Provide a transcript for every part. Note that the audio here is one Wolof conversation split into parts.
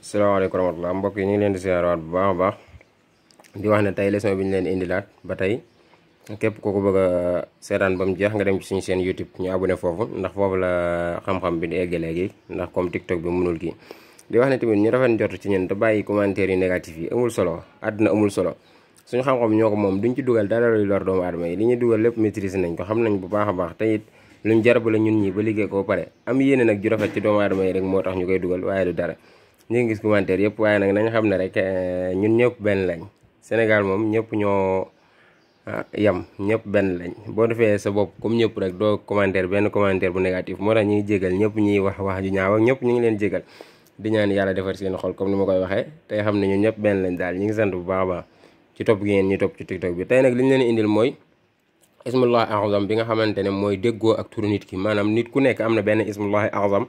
salaamaaleykum rahmatulah mbokk yi ñu ngi leen di siyaarawaat bu baax baax di wax ne tey bi ñu leen indilaat ba tey képp koo ko bëgg a seetaan ba mu jeex nga dem suñu seen YouTube ñu abonné foofu ndax foofu la xam-xam bi di egg ndax comme TikTok bi mënul kii. di wax ne tamit ñu rafet njort ci ñun te bàyyi commentaire yu négatif yi amul solo àddina amul solo suñu xam-xam ñoo ko moom duñ ci dugal dara luy lor doomu aadama yi li ñu dugal lépp maîtriser nañ ko xam nañ bu baax a baax tey it luñ jarab la ñun ñi ba liggéey ko pare am yéene nag ju rafet ci doomu adama yi rek moo tax ñu koy dugal waaye du dara ñu ngi gis commentaire yëpp waaye nag nañ xam ne rek eh, ñun ñëpp benn lañ Sénégal moom ñëpp ñoo ah, yam ñëpp benn lañ boo defee sa bopp comme ñëpp rek doo commentaire benn commentaire bu négatif moo tax ñuy jégal ñëpp ñuy wax wax ju ñaaw ñëpp ñu ngi leen jégal di ñaan yàlla defar seen xol comme ni ma koy waxee te xam ne ñun ñëpp benn lañ daal ñu ngi sant bu baax a baax ci topp gi ngeen ñu topp ci tiktok bi tey nag li ñu leen indil mooy ismullahi azam bi nga xamante ne mooy déggoo ak turu nit ki maanaam nit ku nekk am na benn ismullahi azam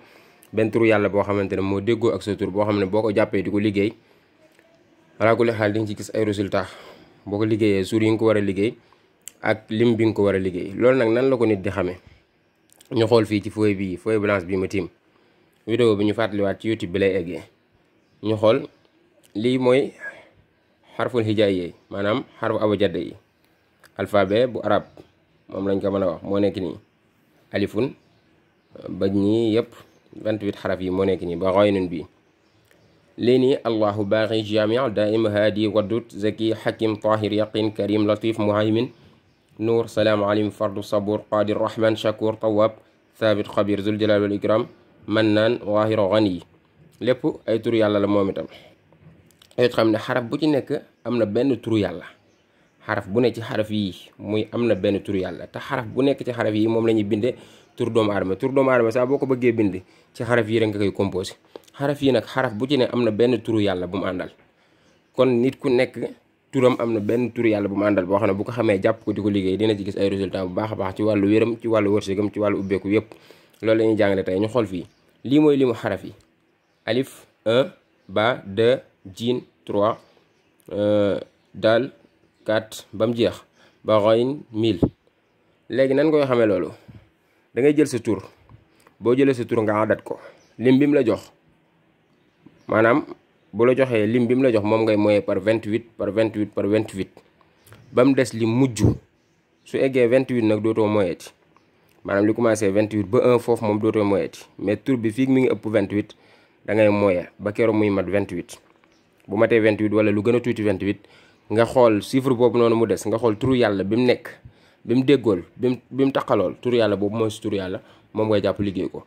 benn tur yàlla boo xamante ne moo déggoo ak sa tur boo xam ne boo ko jàppee di ko liggéey alaakuli xaal di nga ci gis ay résultat boo ko liggéeyee suur yi nga ko war a liggéey ak lim bi nga ko war a liggéey loolu nag nan la ko nit di xamee ñu xool fii ci feuille bii feuille blanche bii ma tiim vidéo bi ñu fàttaliwaat ci youtube bi lay eggee ñu xool lii mooy xarful hijaay yi maanaam xarfu abajada yi alphabet bu arab moom lañ ko mën a wax moo nekk nii alifun yëpp 28 xaraf yi moo nekk nii ba xooy nun bi lii nii allahu baaxi jamia daim haadi waddut zaki xakim tahir yaqin karim latif muhaymin nuur salaam alim fardu sabuur qaadir rahman shakur tawaab thabit xabir zul jalal wal ikram mannaan waahiro xan yi ay tur yàlla la moom itam yoo xam ne xaraf bu ci nekk am na benn tur yàlla xaraf bu nekk ci xaraf yi muy am na benn tur yàlla te xaraf bu nekk ci xaraf yi moom la ñuy tur doomu aadama tour doomu aadama saa boo ko bëggee bind ci xaraf yi rek nga koy composé xaraf yi nag xaraf bu ci ne am na benn turu yàlla bu mu àndal kon nit ku nekk turam am na benn turu yàlla bu àndal boo xam ne bu ko xamee jàpp ko di ko liggéey dina ci gis ay résultat bu baax a baax ci wàllu wéram ci wàllu wërsëgam ci wàllu ubbeeku yépp loolu la ñuy jàngale tey ñu xool fii lii mooy limu xaraf yi alif 1 ba 2 jin 3 daal 4 ba mu jeex ba royin 1000 léegi nan koy xamee loolu da ngay jël sa tour boo jëlee sa tur nga adat ko lim bi mu la jox maanaam bu la joxee lim bi mu la jox moom ngay moyee par 28 par 28 par 28 ba mu des li mujj su eggee 28 nag dootoo moyeeti maanaam li commencé 28 ba 1 foofu moom dootoo moyeeti mais tur bi fii mi ngi ëpp 28 da ngay moye ba keroog muy mat 28 bu matee 28 wala lu gën a tuuti 28 nga xool chiffre boobu noonu mu des nga xool turu yàlla bi mu nekk. bi mu déggool bi mu bi mu taqalool tur yàlla boobu mooy si tur moom ngay jàpp liggéey ko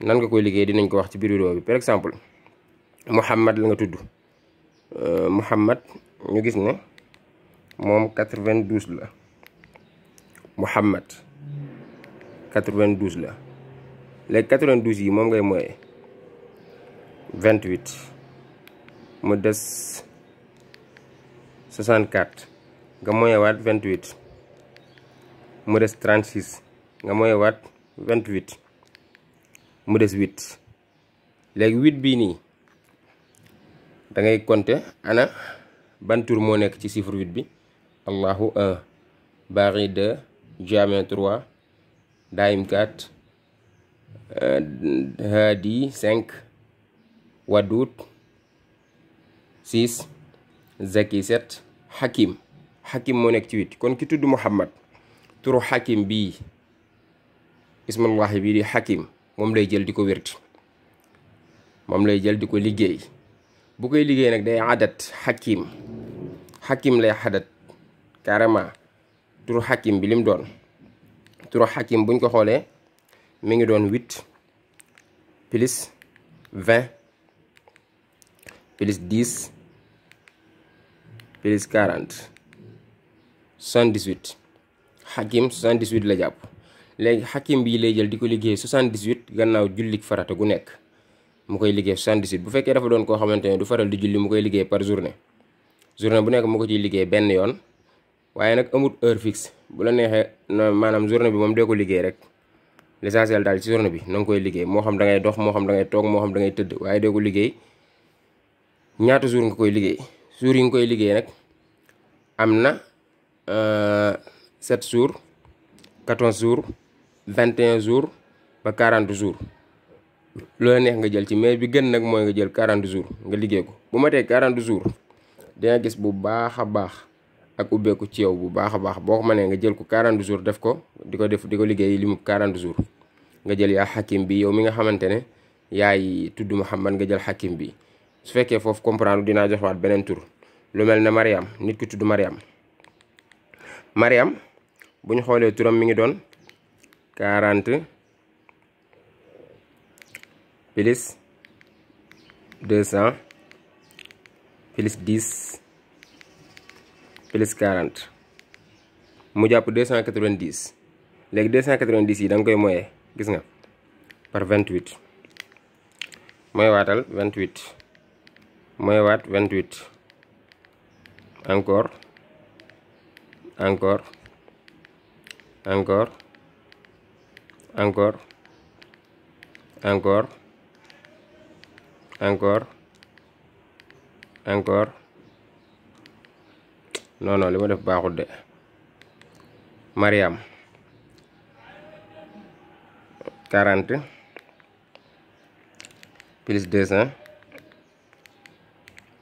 nan nga koy liggéey dinañ ko wax ci biir vidéo bi par exemple Mouhamad la nga tudd euh, Mouhamad ñu gis ne moom 92 la Mouhamad 92 la léegi 92 yi moom ngay mooyee 28 mu des 64 nga mooyewaat 28. mu des trente six nga mooy waat vingt huit mu des huit léegi huit bii nii dangay ngay compter ana ban moo nekk ci chiffre huit bi allahu un baari deux jaame trois daayim quatre haadi euh, cinq waduut six zaki sept hakim hakim moo nekk ci huit kon ki tudd Muhammad turu xakim bii ismullahi bii di xakim moom lay jël di ko wérdi moom lay jël di ko liggéey bu koy liggéey nag day adat xakim xakim lay xadat carrément turu xakim bi lim doon turu xakim buñ ko xoolee mi ngi doon huit plus vingt plus dix plus quarante soixante-dix-huit xakim 78 la jàpp léegi xakim bii lay jël di ko liggéey 78 gannaaw jullik farata gu nekk mu koy liggéey 78 bu fekkee dafa doon koo xamante ne du faral di julli mu koy liggéey par journée journée bu nekk mu ko ciy liggéey benn yoon waaye nag amut heure fixe bu la neexee maanaam journée bi moom de ko liggéey rek l'essentiel daal ci journée bi na nga koy liggéey moo xam da ngay dox moo xam da ngay toog moo xam da ngay tëdd waaye nga koy liggéey jour yi nga koy liggéey am na euh, sept jours quatorze jours vingt un jours ba quarante jours loola neex nga jël ci mais bi gën nag mooy nga jël quarante jours nga liggéey ko bu matee quarante jours dina gis bu baax a baax ak ubbeeku ci yow bu baax a baax boo ko mënee nga jël ko quarante jours def ko di ko def di ko liggéey li mu quarante jours nga jël yaa xakim bi yow mi nga xamante ne yaay tudd Muhammad nga jël xakim bi su fekkee foofu comprendre dinaa joxwaat beneen tur lu mel ne Mariam nit ki tudd Mariam Mariam bu ñu xoolee turam mi ngi doon quarante plus deux cent plus dix plus quarante mu jàpp deux cent quatre-vingt-dix léegi deux cent quatre-vingt-dix yi da nga koy moyee gis nga par vingt-huit mooy waatal vingt-huit mooy waat vingt-huit encore encore encore encore encore encore encore non non li ma def baaxul de Mariam quarante plus deux cents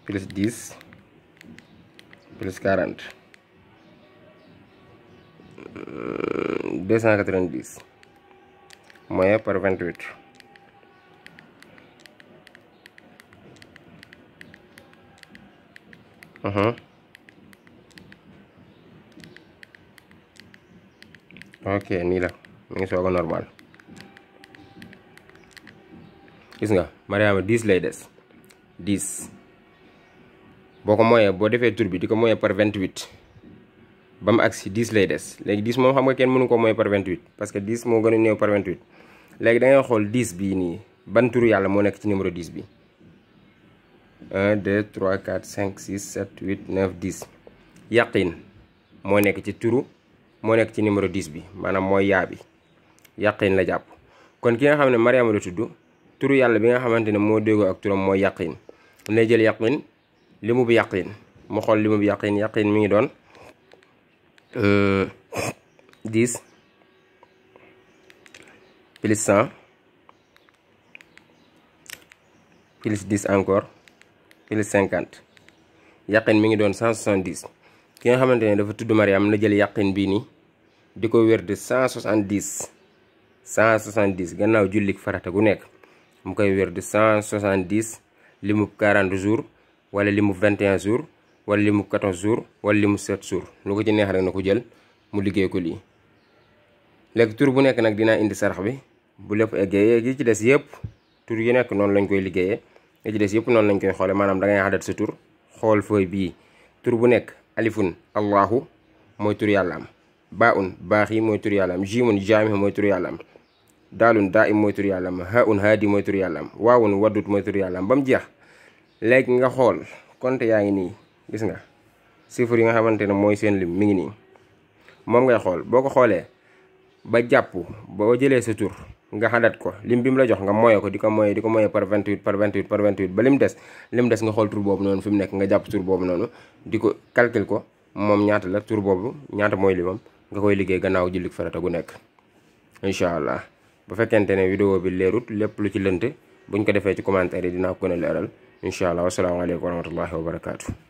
plus dix plus quarante deux cent quatre-vingt-dix moyen par vingt-huit mhm. ok nii la mi ngi soog normal gis nga Mariama dix lay des dix boo ko mooyee boo defee tur bi di ko mooyee par vingt-huit ba mu agsi 10 lay des léegi 10 moom xam nga kenn mënu ko mooy par 28 parce que 10 moo gën a néew par 28 léegi da ngay xool 10 bii nii ban turu yàlla moo nekk ci numéro 10 bi 1 2 3 4 5 6 7 8 9 10 yaqin moo nekk ci turu moo nekk ci numéro 10 bi maanaam mooy yaa bi yaqin la jàpp kon ki nga xam ne Mariama la tudd turu yàlla bi nga xamante ne moo déggoo ak turam mooy yaqin lay jël yaqin li mu bi yaqin mu xool li mu bi yaqin yaqin mi ngi doon uh, dix plus cent plus dix encore plus cinquante yàqin mi ngi doon cent soixante dix ki nga xamante ne dafa tudd am na jël yàqin bii nii di ko wér de cent soixante dix cent soixante dix gannaaw jullik farata gu nekk mu koy wér de cent soixante dix li mu quarante jours wala limu mu vingt un jours wala li mu 14 jours wala li mu 7 jours lu ko ci neex rek na ko jël mu liggéey ko lii léegi tur bu nekk nag dinaa indi sarax bi bu lépp eggee yi ci des yëpp tur yi nekk noonu lañ koy liggéeyee yi ci des yëpp noonu lañ koy xoolee maanaam dangay ngay xadat sa tur xool fooy bii tur bu nekk alifun allahu mooy tur yàlla am baaun baax yi mooy tur yàlla am jiimun jaami mooy tur yàlla am daalun daa im mooy tur yàlla am haun haadi mooy tur yàlla am waawun waddut mooy tur am ba mu jeex léegi nga xool gis nga chiffres yi nga xamante ne mooy seen lim mi ngi nii moom ngay xool boo ko xoolee ba jàpp boo jëlee sa tur nga xadat ko lim bi mu la jox nga moye ko di ko moye di ko moye par 28 par 28 par 28 ba lim des lim des nga xool tur boobu noonu fi nekk nga jàpp tur boobu noonu di ko calcul ko moom ñaata la tur boobu ñaata mooy limam nga koy liggéey gannaaw jullit farata gu nekk incha allah bu fekkente ne vidéo bi leerut lépp lu ci lënt buñ ko defee ci commentaire yi dinaa ko gën incha allah wasalaamaaleykum wa rahmatullahi wa barakaatu.